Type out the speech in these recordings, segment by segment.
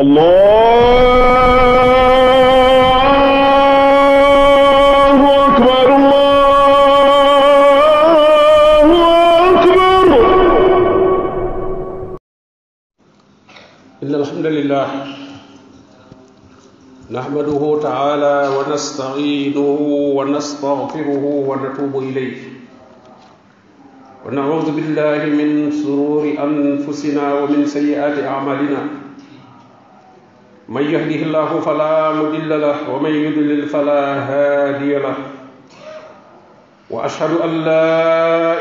الله أكبر الله أكبر إن الحمد لله نحمده تعالى ونستعينه ونستغفره ونتوب إليه ونعوذ بالله من شرور أنفسنا ومن سيئات أعمالنا من يهده الله فلا مضل له ومن يضلل فلا هادي له واشهد ان لا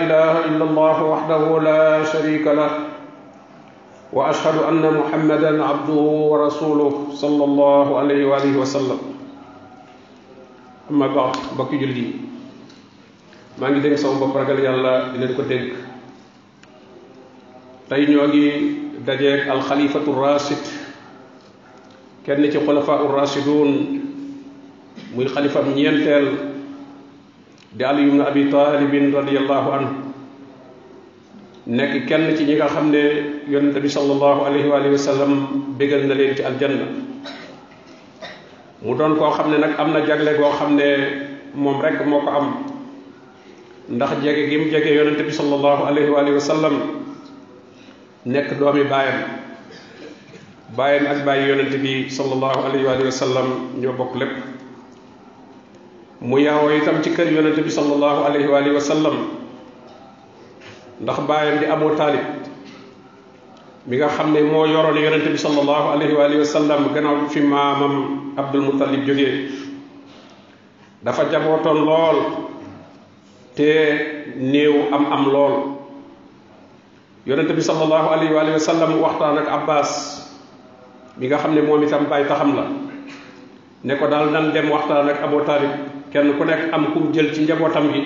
اله الا الله وحده لا شريك له واشهد ان محمدا عبده ورسوله صلى الله عليه واله وسلم اما بعد بك جلدي ما ngi denk sama bop ragal yalla di len ko denk tay ñoo ngi dajé al khalifatu rasid kenn ci xulafaa ur rashidun muy xalifam ñeenteel di ali abi taalibin radiallahu anhu nekk kenn ci ñi nga xam ne yonent bi sallallahu alayhi wa sallam bégal na leen ci aljanna mu doon koo xam ne nag am na jagle goo xam ne moom rekk moo ko am ndax jege gi mu jege yonent bi sallallahu alayhi wa nekk doomi baayam bàyyam ak bàyyi yonent bi sallallahu alayhi wa sallam ñoo bokk lépp mu yaawoo itam ci kër yonent bi sallallahu alayhi wa sallam ndax bàyyam amoo taalib mi nga xam ne moo yoroon yonent bi sallallahu alayhi wa sallam gannaaw fi maamam Abdul Muttalib jógee dafa jabootoon lool te néew am am lool yonent bi sallallahu alayhi wa sallam waxtaan ak Abbas mi nga xam ne moom itam bàyyi taxam la ne ko daal nan dem waxtaan ak Abu Taalib kenn ku nekk am ku jël ci njabootam gi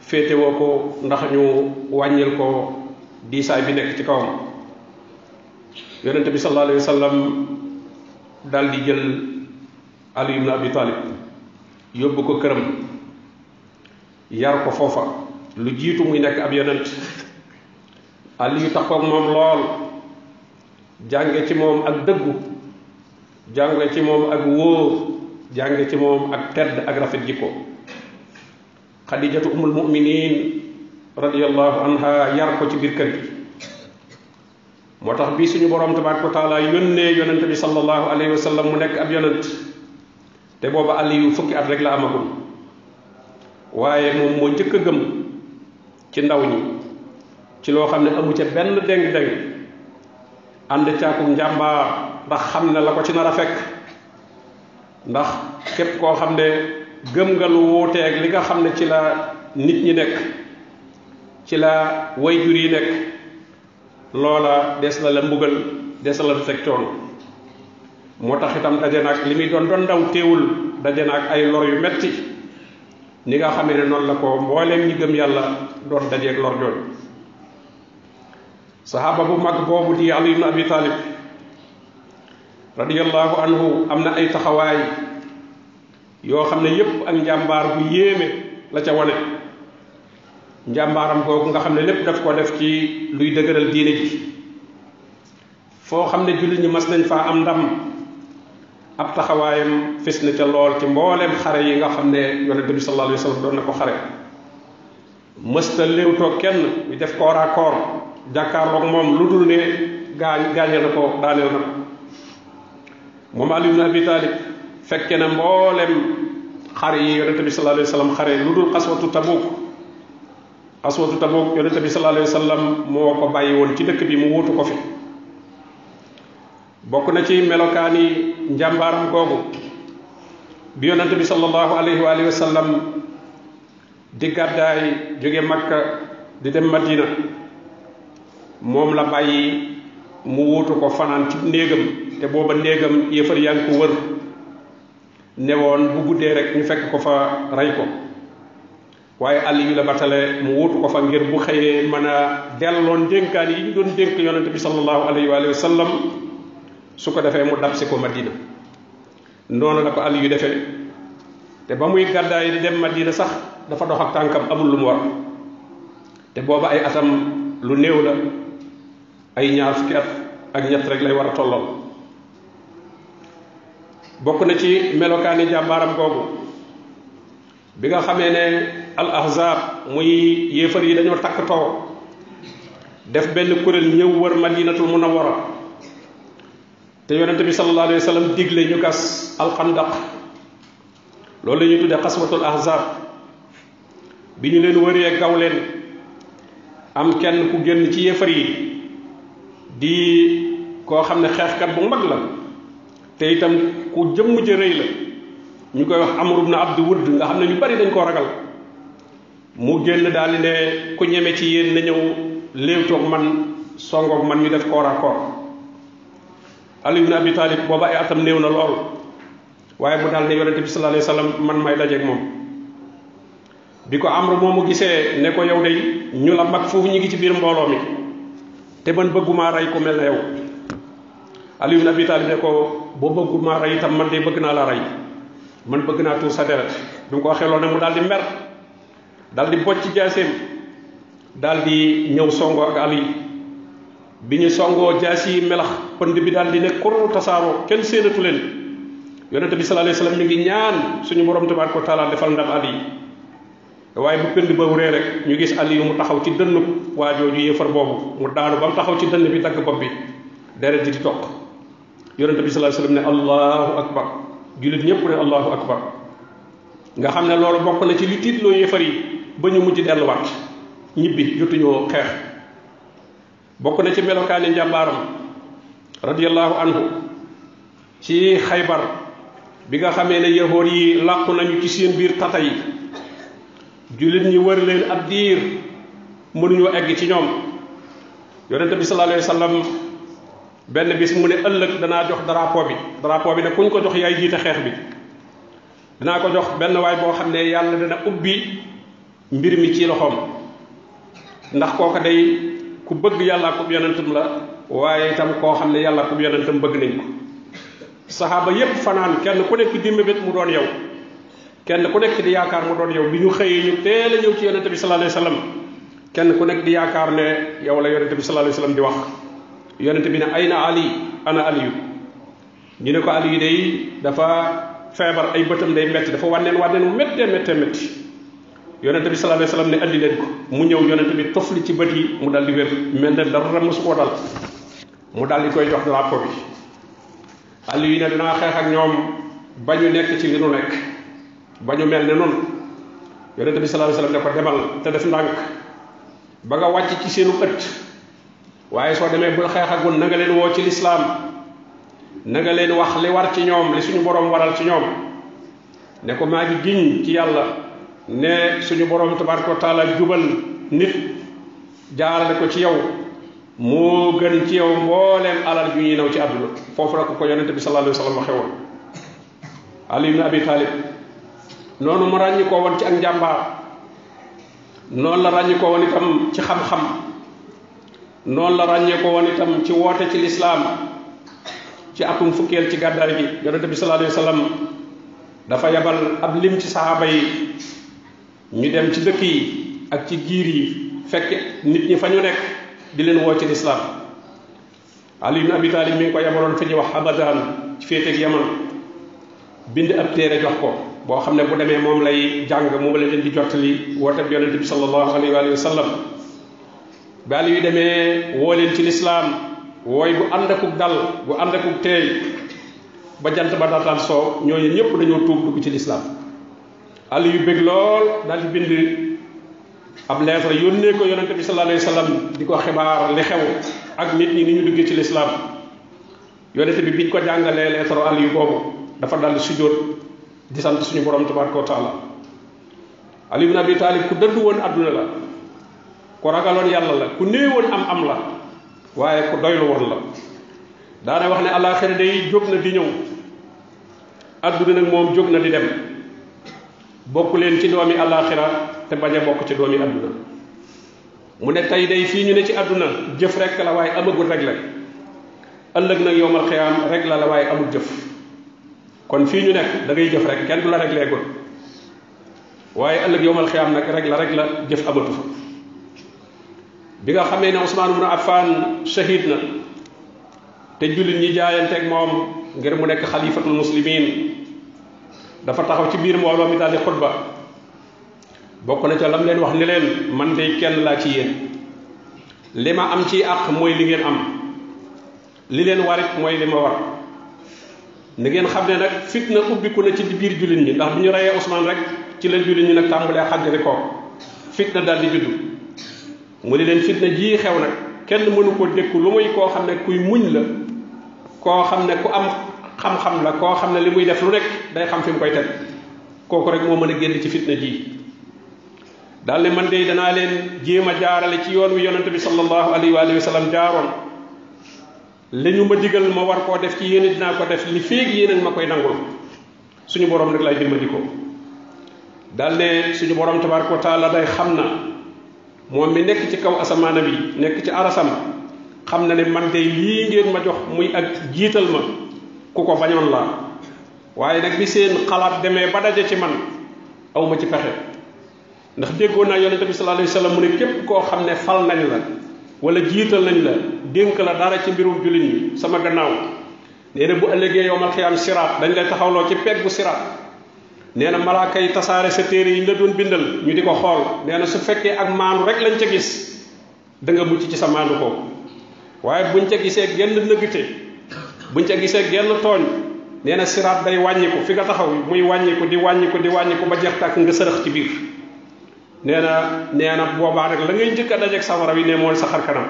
féetewoo ko ndax ñu wàññil ko diisaay bi nekk ci kawam yonent bi sallallahu alayhi wa sallam daal di Abi Taalib yóbbu ko këram yar ko foofa lu jiitu muy nekk ab yonent Ali yu taxoog moom lool jànge ci moom ak dëggu jànge ci moom ak wóor jànge ci moom ak tedd ak rafet jikko xadijatu umul muminin radiallahu anha yar ko ci biir kër gi moo tax bi suñu borom tabaraka taala yónnee yonent bi sallallahu alayhi wa sallam mu nekk ab yonent te booba àll yu fukki at rek la amagul waaye moom moo njëkk a gëm ci ndaw ñi ci loo xam amu ca benn deng-deng ànd caakum njàmbaar ndax xam ne la ko ci nar a fekk ndax képp koo xam ne gëm nga lu wuuteeg li nga xam ne ci la nit ñi nekk ci la wayjur yi nekk loola des na la mbugal des na la fekk coono moo tax itam daje naag li muy doon doon ndaw teewul daje naag ay lor yu metti ni nga xam ne noonu la ko mbooleem ñi gëm yàlla doon dajeeg lor jooju saxaaba bu mag boobu di ali ibn abi talib radiallahu anhu am na ay taxawaay yoo xam ne yépp ak njàmbaar bu yéeme la ca wane njàmbaaram googu nga xam ne lépp daf ko def ci luy dëgëral diine ji foo xam ne jullit ñu mas nañ faa am ndam ab taxawaayam fis na ca lool ci mbooleem xare yi nga xam ne yonent bi sallallahu alayhi wa sallam doon na ko xare mësta léewtoo kenn ñu def koor jàkkaarlo ak moom lu dul ne gaañ gaañe na ko daaneel na moom Aliou Ndiaye Abiy Talib fekkee na mboolem xare yi yonente bi salaalaahu alayhi wa sallam xare lu dul xaswatu tabuk xaswatu tabuk yonente bi salaalaahu alayhi wa sallam moo ko bàyyi woon ci dëkk bi mu wóotu ko fi bokk na ci melokaan yi njàmbaaram googu bi yonente bi salaalaahu alayhi wa sallam di gàddaay jóge makka di dem madina mom la bayyi mu wuutu ko fanan ci néegam te boba néegam yéefar yang ko wër ne bu gudde rek ñu fekk ko fa ray ko waye àll yu la batale mu wuutu ko fa ngir bu xëyee mën delon delloon yi ñu doon denk yonante bi sallallahu alayhi wa sallam su ko defee mu dab ci ko madina noonu la ko àll yu defee te ba muy gàddaay di dem madina sax dafa dox ak tànkam amul lu mu war te booba ay atam lu néew la ay ñaar fukki at ak ñett rek lay war a tolloon bokk na ci melokaani jàmbaaram googu bi nga xamee ne al ahzab muy yéefar yi dañoo takk too def benn kuréel ñëw wër madinatul munawwara te yonente bi sallallahu alayhi wa digle ñu gas alxandaq loolu la ñuy tuddee xaswatul ahzab bi ñu leen wëree gaw am kenn ku génn ci yéefar yi di koo xam ne xeexkat bu mag la te itam ku jëm ja rëy la ñu koy wax Amr ibn Abd Wudd nga xam ne ñu bari dañ koo ragal mu génn daal di ne ku ñeme ci yéen na ñëw léewtoog man songoog man ñu def corps à corps Ali ibn Abi Talib booba ay atam néew na lool waaye mu daal ne yonente bi sallallahu alayhi wasallam man may dajeeg moom bi ko Amr moomu gisee ne ko yow day ñu la mag foofu ñu ngi ci biir mbooloo mi te man bëgguma ray ku mel yow ali ibn abi talib ne ko bo bëgguma ray tam man de bëgg na la ray man bëgg na tout sa deret bi ko waxé loolu mu daldi mer daldi bocci bocc jaaseem daal songo ak ali biñu songo songoo melax pënd bi daldi di ne tasaro, ken seenatu len leen bi sallallahu alayhi wasallam mi ngi ñaan suñu borom tabaraka taala defal ndam ali waaye bu pënd ba wuree rek ñu gis yu mu taxaw ci dënn waa jooju yéefar boobu mu daanu ba mu taxaw ci dënn bi dagg bopp bi deret ji di toq yonente bi salaa sallam ne allahu akbar julit ñëpp ne allahu akbar nga xam ne loolu bokk na ci li tiitloo yéefar yi ba ñu mujj delluwaat ñibbi jotuñoo xeex bokk na ci melokaani njàmbaaram radiallahu anhu ci xaybar bi nga xamee ne yahoor yi làqu nañu ci seen biir tata yi julit ñi wër leen ab diir mënu mënuñoo egg ci ñoom yonente bi sallallahu alayhi wasallam benn bis mu ne ëllëg danaa jox drapeau bi drapeau bi ne kuñ ko jox yaay jiite xeex bi danaa ko jox benn waay boo xam ne yàlla dana ubbi mbir mi ci loxoom ndax kooka day ku bëgg yàlla ko yonentam la waaye itam koo xam ne yàlla ko yonentam bëgg nañ ko sahaba yépp fanaan kenn ku nekk dimbe mébét mu doon yow kenn ku nekk di yaakaar mu doon yow bi ñu xëyee ñu teel a ñëw ci yonente bi sallallahu alayhi kenn ku nekk di yaakaar ne yow la yonente bi sallallahu alayhi wasallam di wax yonente bi ne ayna ali ana aliyu ñu ne ko aliyu day dafa feebar ay bëtam day metti dafa wànneen wànneen wu méttee méttee métti yonente bi sallallahu alayhi wasallam ne andi leen ko mu ñëw yonente bi tofli ci bët yi mu dal di wér mel ne dara mosu koo dal mu dal di koy jox drapeau bi aliyu ne dinaa ak ñoom ba ñu nekk ci li nekk bañu melni non ne nun bi sallallahu alayhi wasallam ne ko demal te def ndank ba nga wacc ci seenu ëtt waaye soo demee bul xeexagul na nga leen woo ci lislaam na nga leen wax li war ci ñoom li suñu borom waral ci ñoom ne ko maa ngi giñ ci yàlla ne suñu borom tabaraka wa taala jubal nit jaarale ko ci yow moo gën ci yow mbooleem alal ju ñuy naw ci àdduna foofu la ko ko yonente bi sallallahu alayhi wasallam waxewoon ali ibn abi talib noonu mu ràññi ko woon ci ak njàmbaar noonu la ràññi ko woon itam ci xam-xam noonu la ràññee ko woon itam ci woote ci lislaam ci atum fukkeel ci gàddaay gi yonente bi sallallahu alayhi wa sallam dafa ab lim ci saxaaba yi ñu dem ci dëkk yi ak ci giir yi fekk nit ñi fa ñu nekk di leen woo ci lislaam Ali ibn Abi Talib mi ngi ko yabaloon fi ñuy wax Abadan ci féeteeg Yaman bind ab téere jox ko bo xamne bu demee mom lay jang mom la len di jotali wota bi yonente sallallahu alaihi wa sallam bi aliyu demee woo leen ci l'islam woy bu ànd dal bu ànd akuk ba jant ba daataan so ñoy ñepp dañu tuub dugg ci al yu bég lol dal di bind am lettre yónnee ko yonente bi salallahu alayhi wa sallam di ko li xew ak nit ñi ni ñu duggee ci l'islam yonente bi biñ ko jangale lettre yu bobu dafa dal sujud di sant suñu borom tabaraka wa taala ali ku dëddu woon àdduna la ku ragaloon yàlla la ku néew woon am am la waaye ku doylu woon la daana wax ne alaaxira day jóg na di ñëw adduna nag moom jóg na di dem bokk leen ci doomi alaaxira te bañ a bokk ci doomi adduna mu ne tey dey fii ñu ne ci àdduna jëf rek la waaye amagul rek la ëllëg nag yowmal xiyaam rek la la waaye amul jëf kon fi ñu nek da ngay jëf rek kenn du la rek leegul waye ëlëk yowmal xiyam nak rek la rek la jëf abatu fa bi nga xamé né Ousmane ibn Affan shahid na té jullit ñi ak mom ngir mu nek khalifatul muslimin dafa taxaw ci biir mbolo mi dal di khutba bokku na ci lam leen wax ni leen man day kenn la ci yeen lima am ci ak moy li ngeen am li leen warit mooy li war na ngeen xam ne nag fitna ubbiku na ci biir jullit ñi ndax bi ñu reyee Ousmane rek ci la jullit ñi nag tàmbalee xàggari ko fitna daal di juddu mu ne leen fitna jii xew nag kenn mënu ko dékku lu muy koo xam ne kuy muñ la koo xam ne ku am xam-xam la koo xam ne li muy def lu nekk day xam fi mu koy teg kooku rek moo mën a génn ci fitna jii daal ne man de danaa leen jéem a jaarale ci yoon wi yonent bi sallallahu alayhi wa sallam jaaroon li ñu ma digal ma war koo def ci yéen dinaa ko def li féeg yéen ma koy nangul suñu borom nag lay dimbandikoo dal suñu borom tabaraka wa day xam na moom mi nekk ci kaw asamaanam bi nekk ci arasam xam na ne man dey lii ngeen ma jox muy ak jiital ma ku ko bañoon la waaye nag bi seen xalaat demee ba daje ci man awma ci pexe ndax déggoon naa yonente bi sallallahu alayhi mu ne képp koo xam ne fal nañ la wala jital nañ la denk la dara ci mbirum julit ni sama gannaaw neena bu allegé yow mal xiyaam sirat dañ lay taxawlo ci peggu sirat neena malaaka yi tasare sa téré yi la doon bindal ñu diko ko neena su fekke ak maanu rek lañ ca gis da nga mucc ci sa maanu ko waye buñ ca gisé genn nëggte buñ ca gisé genn togn neena sirat day wañiku fi nga taxaw muy wañiku di wañiku di wañiku ba jextak nga sarax ci biir nee na nee na boobaa nag la ngay njëkk a dajeeg safara bi ne mooy sa xar kanam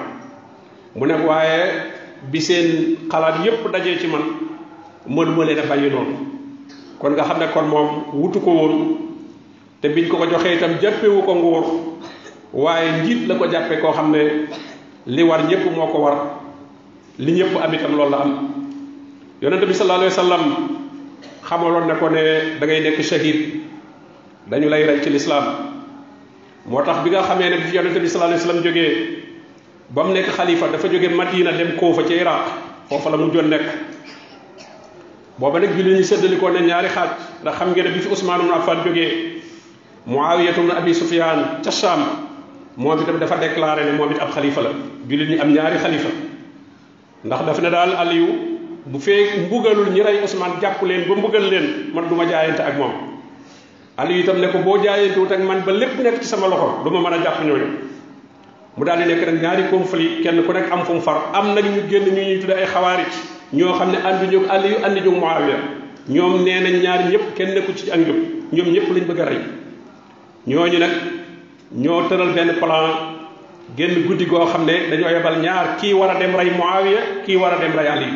mu nekk waaye bi seen xalaat yépp dajee ci man mën ma leen a bàyyi noonu kon nga xam ne kon moom wutu ko woon te biñ ko ko joxee itam jàppewu ko nguur waaye njiit la ko jàppe koo xam ne li war ñëpp moo ko war li ñëpp am itam loolu la am yonente bi sallallahu alayhi wa sallam xamaloon ne ko ne da nekk shahid dañu lay rey ci lislaam moo tax bi nga xamee ne bi yonente bi sallallahu alayhi wasallam jógee ba mu nekk xalifa dafa jóge Madina dem Kufa ca Iraq foofa la mu joon nekk booba nag jullit ñi séddalikoo ne ñaari xaaj ndax xam ngeen ne bi fi Usmaan ibn Affan jógee Muawiya ibn Abi Sufyaan ca Sham moom itam dafa déclaré ne moom it ab xalifa la jullit ñi am ñaari xalifa ndax dafa ne daal Aliyu bu fee mbugalul ñi rey Usmaan jàpp leen ba mbugal leen man du ma jaayante ak moom Aliou itam ne ko boo jaayee jaayantuwut ak man ba lépp nekk ci sama loxo du mën a jàpp ñooñu mu daal di nekk nag ñaari conflit kenn ku nekk am fu mu far am nag ñu génn ñu ñuy tudde ay xawaarij ñoo xam ne ànduñu ak Aliyu ànduñu ak Muawiya ñoom nee nañ ñaari ñëpp kenn nekku ci ak njub ñoom ñëpp lañu bëgg a rey ñooñu nag ñoo tëral benn plan génn guddi goo xam ne dañoo yebal ñaar kii war a dem rey Muawiya kii war a dem rey Aliyu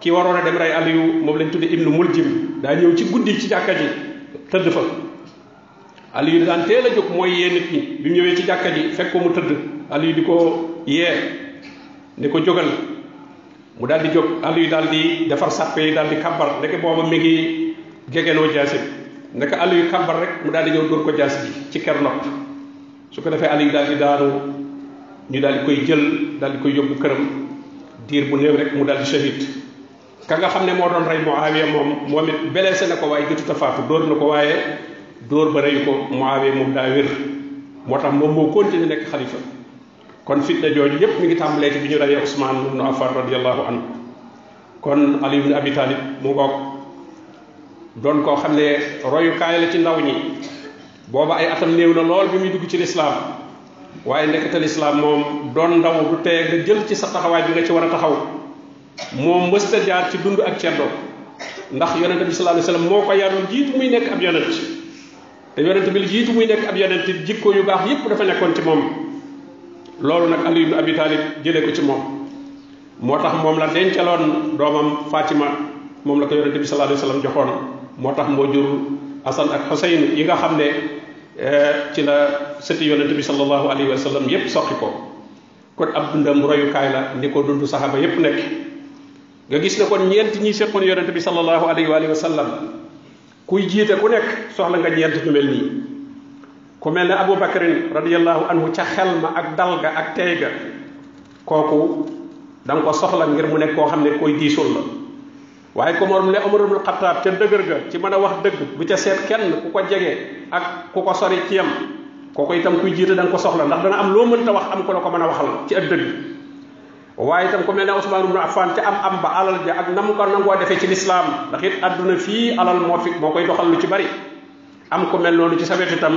kii waroon a dem rey Aliyu moom lañ tudde Ibnu Muljim daa ñëw ci guddi ci jàkka ji tëdd fa Aliou daan teel a jóg mooy yee nit ñi bi ñëwee ci jàkka ji fekk ko mu tëdd yi di ko yee di ko jógal mu daal di jóg Aliou daal di defar sàppe yi daal di kàbbar ndeke booba mi ngi gegenoo jaasi bi ndeke Aliou kàbbar rek mu daal di ñëw dóor ko jaasi ji ci ker su ko defee Aliou daal di daanu ñu daal di koy jël daal koy yóbbu këram diir bu néew rek mu daal di ka nga xam ne moo doon rey Muawiya moom moo it blessé na ko waaye jotut a faatu dóor na ko waaye dóor ba reyu ko Muawiya moom daa wér moo tax moom moo continué nekk xalifa kon fitna jooju yépp mi ngi tàmbalee ci bi ñu reyee Ousmane ibnu Affan radiyallahu anhu kon Ali ibnu Abi Talib mu ngoog doon koo xam ne royukaay la ci ndaw ñi booba ay atam néew na lool bi muy dugg ci lislaam waaye nekkatal islaam moom doon ndaw du tee nga jël ci sa taxawaay bi nga ci war a taxaw moom mës a jaar ci dund ak ceddo ndax yonente bi sallallahu alayhi moo ko yaroon jiitu muy nekk ab yonent te yonente bi jiitu muy nekk ab yonent jikko yu baax yépp dafa nekkoon ci moom loolu nag Ali ibn Abi Talib ko ci moom moo tax moom la dencaloon doomam Fatima moom la ko yonente bi sallallahu alayhi joxoon moo tax moo jur Hasan ak Husayn yi nga xam ne eh, ci la sëti yonente bi sallallahu alayhi wasallam yépp soqi ko kon ab dundam royukaay la ni ko dund saxaaba yépp nekk nga gis na kon ñent ñi sekkon yaronte bi sallallahu alayhi wa alihi wasallam kuy jité ku nek soxla nga ñent ñu melni ku melni abu bakrin anhu ca xelma ma ak dalga ak tey koku dang ko soxla ngir mu nek ko xamne ne koy diisul la waye ko morum ne umar ibn khattab ca dëgër ga ci mën wax deug bu ca set kenn ku ko jégué ak ku ko sori ci yam kooku itam kuy jité dang ko soxla ndax dana am loo mënta wax am ko lako waxal ci ak deug waaye itam ku mel ne Usmaan ibnu Affaan ci am am ba alal ja ak nam ko nangoo defee ci lislaam ndax it àdduna fii alal moo fi moo koy doxal lu ci bari am ko mel noonu ci sawet wet itam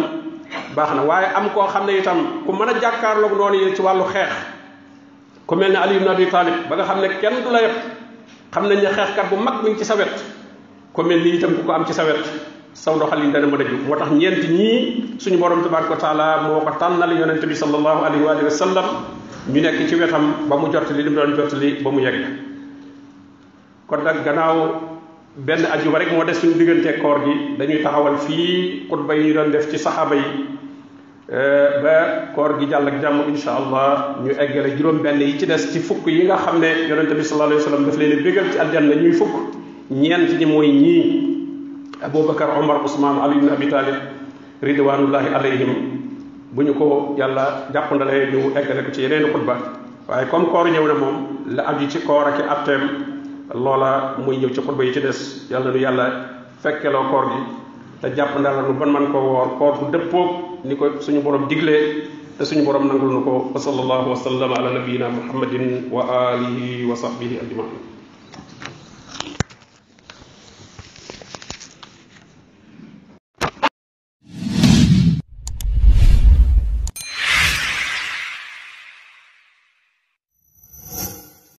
baax na waaye am koo xam ne itam ku mën a jàkkaarloog noonu yi ci wàllu xeex ku mel Ali ibnu Abi Talib ba nga xam ne kenn du la yëpp xam nañ ne xeexkat bu mag mi ci sawet wet ku mel ni itam ku ko am ci sa wet saw doxalin dana mën a jub moo tax ñeent ñii suñu borom tabaraka wa taala moo ko tànnal yonente bi sallallahu alayhi wa sallam ñu nekk ci wetam ba mu jot li lim doon jot li ba mu yegg kon nag gannaaw benn ajuma rek moo des suñu diggante koor gi dañuy taxawal fii xutba yi doon def ci saxaaba yi euh, ba koor gi jàll ak jàmm insha allah ñu eggale juróom benn yi ci des ci fukk yi nga xam ne yonente bi sallallahu alayhi wasallam daf leen bégal ci aljanna ñuy fukk ñeent ñi mooy ñii abubakar omar ousmane ali ibn abi talib ridwanullahi alayhim bu ñu ko yàlla jàppandalee ñu eggale ko ci yeneen xutba waaye comme koor ñëw na moom la aju ci koor ak i atteem loola muy ñëw ci xutba yi ci des yàlla nu yàlla fekkeloo koor gi te jàpp jàppandala nu ban man ko woor koor bu dëppoog ni ko suñu borom diglee te suñu borom nangul nu ko wa sallallahu wa sallam ala nabiyina muhammadin wa alihi wa sahbihi ajmain